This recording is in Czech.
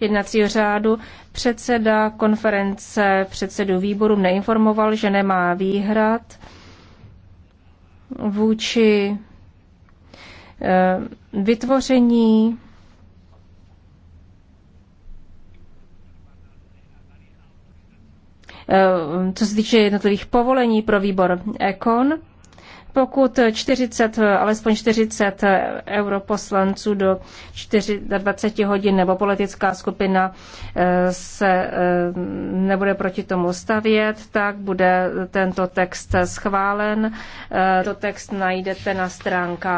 jednacího řádu předseda konference předsedu výboru neinformoval, že nemá výhrad vůči eh, vytvoření eh, co se týče jednotlivých povolení pro výbor ECON pokud 40, alespoň 40 europoslanců do 24 hodin nebo politická skupina eh, se eh, nebude proti tomu stavět, tak bude tento text schválen. Eh, to text najdete na stránkách